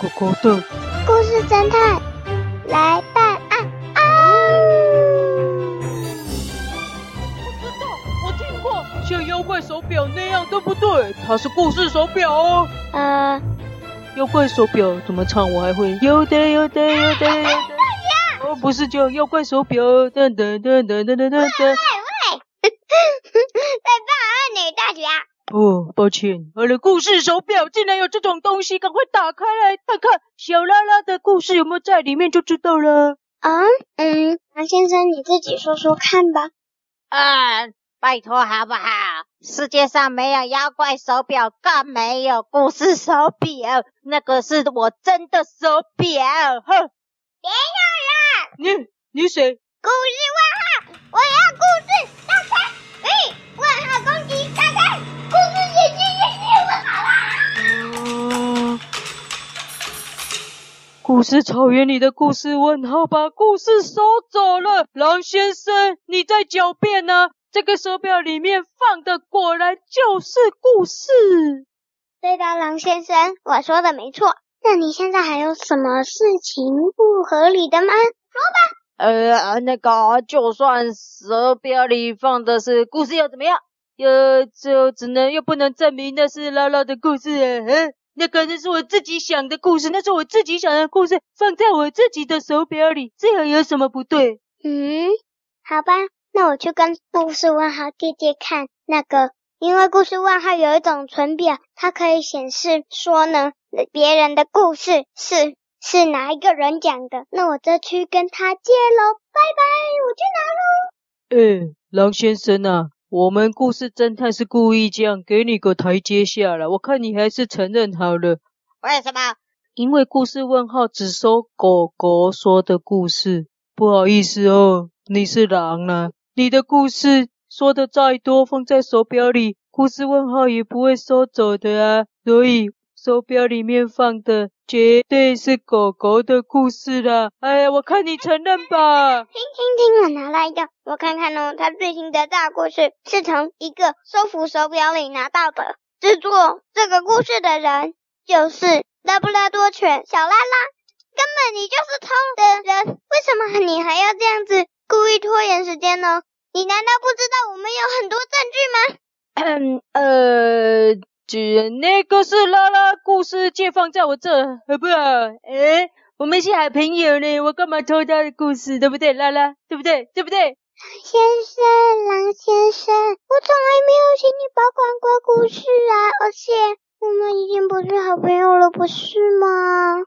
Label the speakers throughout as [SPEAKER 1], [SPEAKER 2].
[SPEAKER 1] 狗狗的，故
[SPEAKER 2] 事偵探來辦案啊！我知道，我
[SPEAKER 1] 聽過，像妖怪手錶那樣都不對，它是故事手錶哦。呃，妖怪手錶怎麼唱？我還會有的，有的，有的，有的。哦，不是叫妖怪手錶等等等等等等等。 哦，抱歉，我的故事手錶竟然有這種東西，趕快打開來看看，小拉拉的故事有沒有在裡面就知道了。啊、嗯，嗯，魚先生你自己說說看吧。嗯、呃，拜託好不好？世界上沒有妖怪手錶，更沒有故事手錶，那個是我真的手錶，哼！別
[SPEAKER 2] 咬人。
[SPEAKER 1] 你、你誰？故事。故事草原裡的故事，問號把故事收走了。狼先生，你在狡辯呢、啊？這個手表裡面
[SPEAKER 2] 放的果然就是故事。對的，狼先生，我說的沒錯。那你現在還有什麼事情不合理的嗎？說吧。呃，那個，就算手表裡放的是故事又怎麼
[SPEAKER 1] 樣？又、呃、就只能又不能證明那是拉拉的故事。呵呵那個那是我自己想的故事，那是我自己想的故事，放在我自己的手錶裡，這樣
[SPEAKER 2] 有什麼不對？嗯，好吧，那我去跟故事問號借借看那個，因為故事問號有一種存錶，它可以顯示說呢，別人的故事是是哪一個人講的，那我就去跟他借嘍，拜拜，我去拿嘍。
[SPEAKER 1] 誒，狼先生啊。我們故事偵探是故意這樣給你個台階下了，我看你還是承認好了。為什麼？因為故事問號只收狗狗說的故事。不好意思哦，你是狼啊。你的故事說的再多，放在手表裡，故事問號也不會收走的啊。所以。手錶裡面放的絕對是狗狗的故事啦，哎呀，我看你承認
[SPEAKER 2] 吧。聽、哎、聽、哎哎哎、聽，聽聽我拿來一個，我看看哦，它最新的大故事是從一個收服手錶裡拿到的。製作這個故事的人就是拉布拉多犬小拉拉。根本你就是偷的人，為什麼你還要這樣子故意拖延時間呢、哦？你難道不知道我們有很多證據嗎？嗯，呃。主人，那個是拉拉故事
[SPEAKER 1] 借放在我這，好不好？哎、欸，我們是好朋友呢，我幹嘛偷他的故
[SPEAKER 2] 事，對不對，拉拉？對不對？對不對？狼先生，狼先生，我從來沒有請你保管過故事啊，而且我們已經不是好朋友了，不是嗎？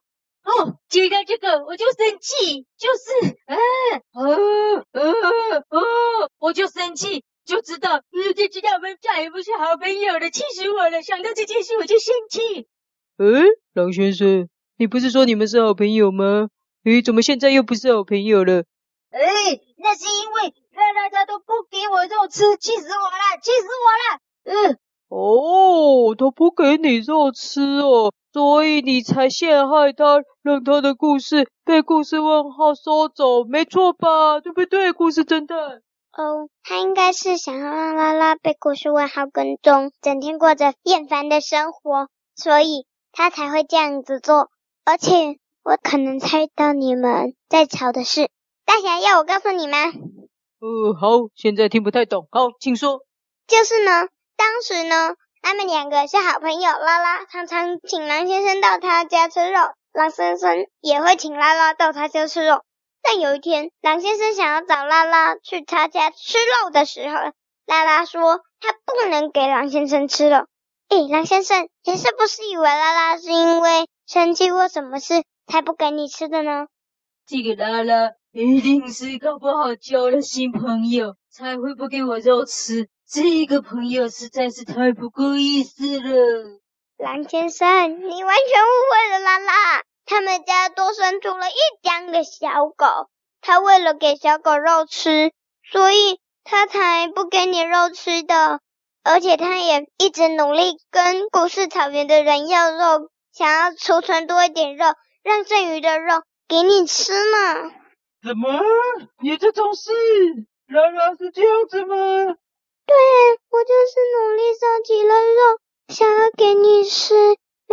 [SPEAKER 2] 哦，揭開這個我就生氣，就是，啊，
[SPEAKER 1] 哦哦哦，我就生氣。就知道，就知道我們再也不是好朋友了，氣死我了！想到這件事我就生氣。哎、欸，狼先生，你不是說你們是好朋友嗎？誒、欸，怎麼現在又不是好朋友了？哎、欸，那是因為他大家都不給我肉吃，氣死我了，氣死我了。嗯，欸，哦，喔，他不給你肉吃哦，喔，所以你才陷害他，讓他的故事被故事問號收走，沒錯吧？對不對，故事偵探？哦、
[SPEAKER 2] oh,，他應該是想要讓拉拉被故事問號跟蹤，整天過着厭煩的生活，所以他才會這樣子做。而且我可能猜到你們在吵的是，大俠要我告訴你嗎？哦、呃，好，現在聽不太懂，好，請說。就是呢，當時呢，他們兩個是好朋友，拉拉常常請狼先生到他家吃肉，狼先生也會請拉拉到他家吃肉。但有一天，狼先生想要找拉拉去他家吃肉的時候，拉拉說他不能給狼先生吃了。誒，狼先生，你是不是以為拉拉是因為生氣或什麼事才不給你吃的呢？這個拉拉一定是搞不好交了新朋友，才會不給我肉吃。這個朋友實在是太不夠意思了。狼先生，你完全誤會了拉拉。他們家多生出了一兩個小狗，他為了給小狗肉吃，所以他才不給你肉吃的。而且他也一直努力跟故事草原的人要肉，想要儲存多一點肉，讓剩餘的肉給你吃嘛。怎麼，你這種事，原來是這樣子嗎？對，我就是努力收集了肉，想要給你吃。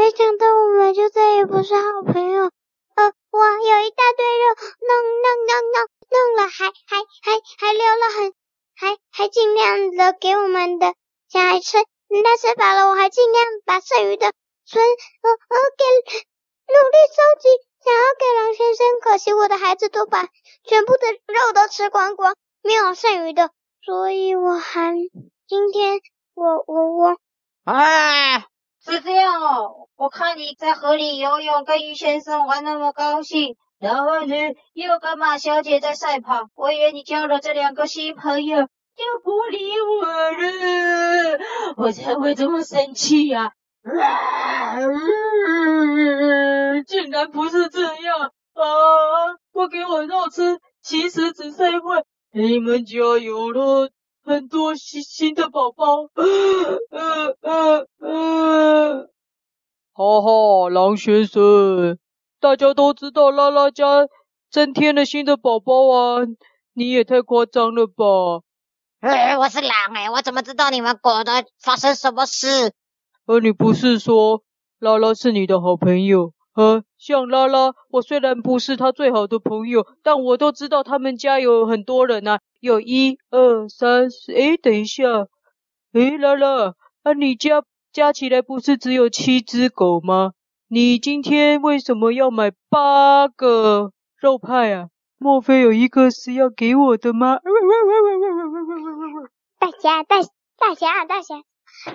[SPEAKER 2] 沒想到我們就再也不是好朋友。呃，我有一大堆肉，弄弄弄弄弄了，還還還還留了很，還還盡量的給我們的小孩吃。那吃飽了，我還盡量把剩餘的存呃呃給努力收集，想要給狼先生。可惜我的孩子都把全部的肉都吃光光，沒有剩餘的，所以我還今天我我我哎。啊是這樣哦，我看你在
[SPEAKER 1] 河裡游泳，跟魚先生玩那麼高興，然後你又跟馬小姐在賽跑，我以為你交了這兩個新朋友就不理我了，我才會這麼生氣呀，啊！ 竟然不是這樣啊！不給我肉吃，其實只是為你們加油嘍。很多新新的寶寶，呃呃呃呃，哈哈，狼先生，大家都知道拉拉家增添了新的寶寶啊，你也太誇張了吧？呃、嗯，我是狼哎、欸，我怎麼知道你們狗的發生什麼事？而你不是說拉拉是你的好朋友？呃、嗯，像拉拉，我雖然不是他最好的朋友，但我都知道他們家有很多人啊，有一二三四，誒，等一下，誒，拉拉，啊，你家加起來不是只有七隻狗嗎？你今天為什麼要買八個肉派啊？莫非有一個是要給我的嗎？
[SPEAKER 2] 大俠，大俠，大俠，大俠，誒、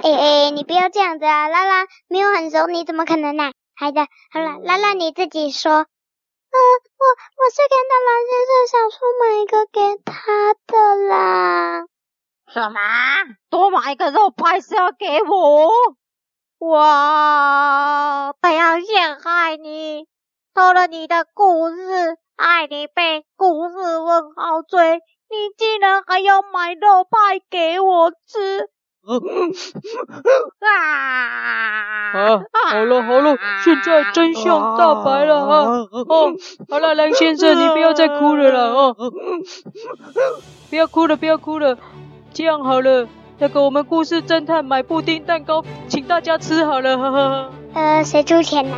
[SPEAKER 2] 欸、誒、欸，你不要這樣子啊，拉拉，沒有很熟，你怎麼可能呢、啊？好的，好了，那讓，讓你自己說。呃，我我是看到狼先生想出買一個給他的啦。什麼？多買一個肉派是要給我？我，不要
[SPEAKER 1] 陷害你，偷了你的故事，害你被故事問號追，你竟然還要買肉派給我吃？ 啊，好了好了，現在真相大白了哈，啊、 哦，好了，藍先生，你不要再哭了啦！哦，不要哭了，不要哭了，這樣好了，那、這個我們故事偵探買布丁蛋糕，請大家吃好了，哈哈。呃，誰出錢
[SPEAKER 2] 呢？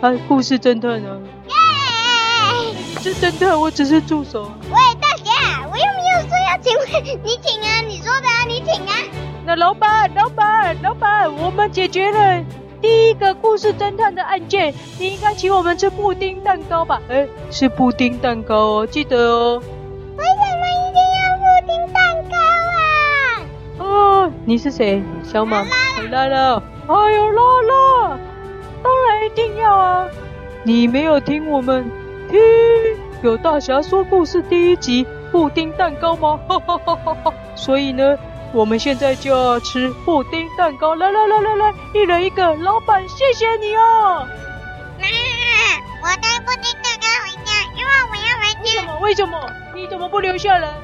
[SPEAKER 1] 哎，故事偵探啊！Yeah!
[SPEAKER 2] 哎、你是偵
[SPEAKER 1] 探，我只是助手。
[SPEAKER 2] 喂，大俠、啊，我又沒有說要請客，你請啊！你說的啊，你請啊！
[SPEAKER 1] 那老闆，老闆，老闆，我們解決了第一個故事偵探的案件，你應該請我們吃布丁蛋糕吧？哎，是布丁蛋糕哦，記得哦。為什麼一定要布丁蛋糕啊？啊、哦，你是誰？小馬回來了，還有拉拉，哎呦，拉拉，當然一定要啊！你沒有聽我們聽有大俠說故事第一集布丁蛋糕嗎？呵呵呵呵，所以呢，我們現在就要吃布丁蛋糕，來來來來來，一人一個，老闆，謝謝你哦。媽，媽，我
[SPEAKER 2] 帶布丁蛋糕回家，因為我要回家。為什麼？為什麼？你怎麼不留下來？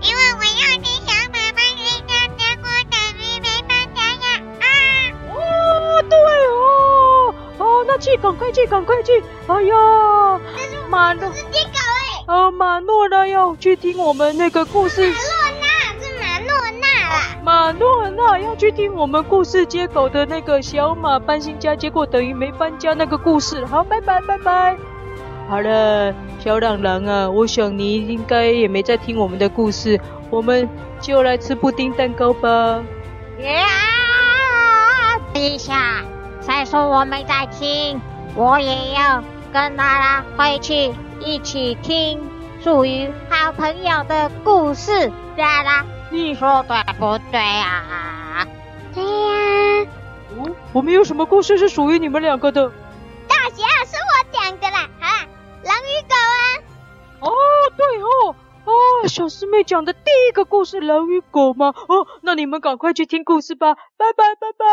[SPEAKER 2] 因為我要聽小
[SPEAKER 1] 馬搬新家結果等於沒搬家呀。啊！哦，對哦，哦，那去，趕快去，趕快去。快去，哎呀，這是馬路，小狗，哦、呃，馬諾呢？要去聽我們那個故事。馬、啊、諾娜啊，要去聽我們故事接狗的那個小馬搬新家，結果等於沒搬家那個故事。好，拜拜拜拜。好了，小狼狼啊，我想你應該也沒在聽我們的故事，我們就來吃布丁蛋糕吧。等一下，再說我沒在聽，我也要跟拉拉回去一起聽屬於好朋友的故事。拉拉。你說對不對呀、啊？
[SPEAKER 2] 對呀、啊。
[SPEAKER 1] 嗯、哦，我們有什麼故事是屬於你們兩個的？小獅妹講的第一個故事《狼與狗》嗎？哦，那你們趕快去聽故事吧，拜拜拜拜。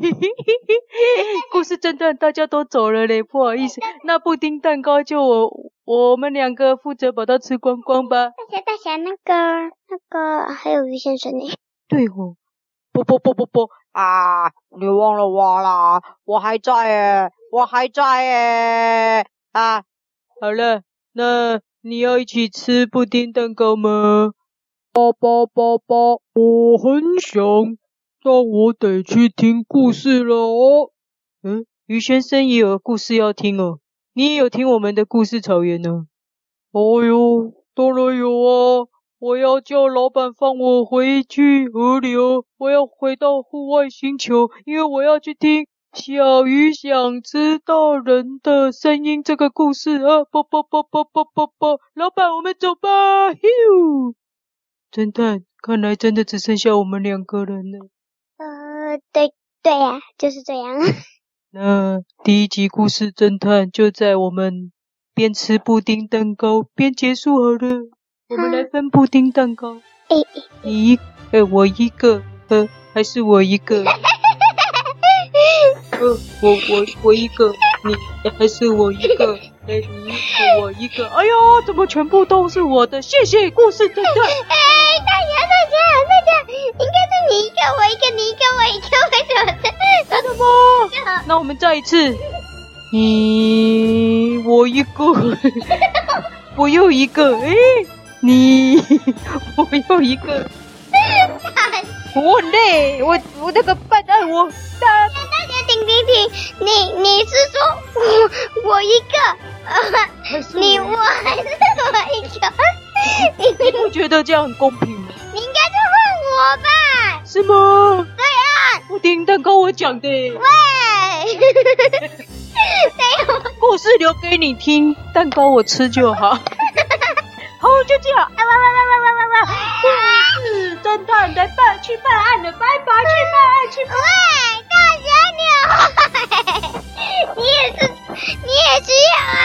[SPEAKER 1] 嘿嘿嘿嘿，故事真短，大家都走了嘞，不好意思。那布丁蛋糕就我我們兩個負責把它吃光
[SPEAKER 2] 光吧。大俠大俠，那個那個、那個、還有魚先生呢。
[SPEAKER 1] 對哦，不不不不不啊！你忘了我啦？我還在耶，我還在耶啊，好了，那。你要一起吃布丁蛋糕嗎？爸爸爸爸，我很想，但我得去聽故事了哦。嗯，魚先生也有故事要聽哦。你也有聽我們的故事草原呢？哎喲，當然有啊！我要叫老闆放我回去河流，我要回到戶外星球，因為我要去聽。小魚想知道人的聲音這個故事啊，啵啵啵啵啵啵啵，老闆，我們走吧。嗚，偵探，看來真的只剩下我們兩個人
[SPEAKER 2] 了。呃，對對呀，啊，
[SPEAKER 1] 就是這樣。 那第一集故事偵探就在我們邊吃布丁蛋糕邊結束好了。嗯，我們來分布丁蛋糕。欸欸，你一，呃，欸，我一個，呃，還是我一個。 呃、我我我一個，你還是我一個，哎、欸、你一個我一個，哎呀，怎麼全部都是我的？謝謝故事真相。
[SPEAKER 2] 哎大家大家大家，應該是你一個我一個你一個我一個，為什麼？真的嗎？那我們再一次，你
[SPEAKER 1] 我一個， 我又一個，哎、欸、你 我又一個，個
[SPEAKER 2] 笨蛋！我累，我我那個笨蛋我蛋弟弟，你你是說我我一個，呃，你我還是我一個，你不覺得這樣很公平嗎？你應該就換我吧？是嗎？
[SPEAKER 1] 對啊。布丁蛋糕，我講的。喂，等哈哈故事留給你聽，蛋糕我吃就好。 好，就這樣。哇、啊、喂，喂、啊，喂、啊，喂、啊，喂、啊，喂，故事偵探在辦去辦案的，拜
[SPEAKER 2] 拜，去辦案去辦案。Started、 你也是，你也需
[SPEAKER 1] 要啊。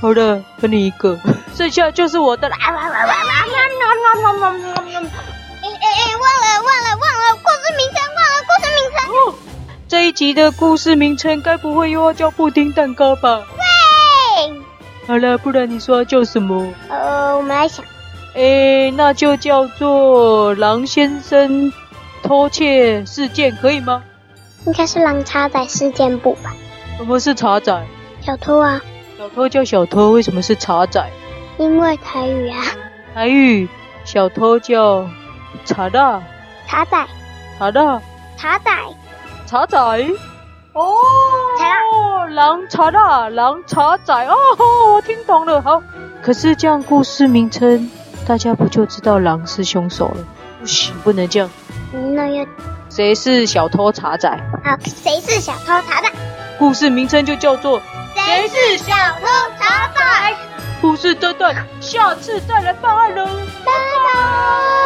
[SPEAKER 1] 好了，分你一個，剩下，就是我的
[SPEAKER 2] 了。哎 哎、欸欸欸、忘了忘了忘了，故事名稱忘了故事名稱、
[SPEAKER 1] 哦。這一集的故事名稱，該不會又要叫布丁蛋糕吧？
[SPEAKER 2] 喂。
[SPEAKER 1] 好了，不然你說叫什麼？
[SPEAKER 2] 呃、哦，我
[SPEAKER 1] 們來想。哎，那就叫做狼先生偷竊事件，可以嗎？應該是狼碴仔事件簿吧？什麼是碴仔？小偷啊！小偷叫小偷，為什麼是碴仔？因為台語啊！台語小偷叫碴大，碴仔，碴大，碴仔，碴仔。哦、喔、哦，狼碴大，狼碴仔哦、喔，我聽懂了。好，可是這樣故事名稱，大家不就知道狼是兇手了？不行，不能這樣。嗯、那要。誰是小偷碴仔？好，誰是小偷碴仔？故事名稱就叫做《誰是小偷碴仔》碴。故事這段，下次再來辦案嘍。拜拜。拜拜。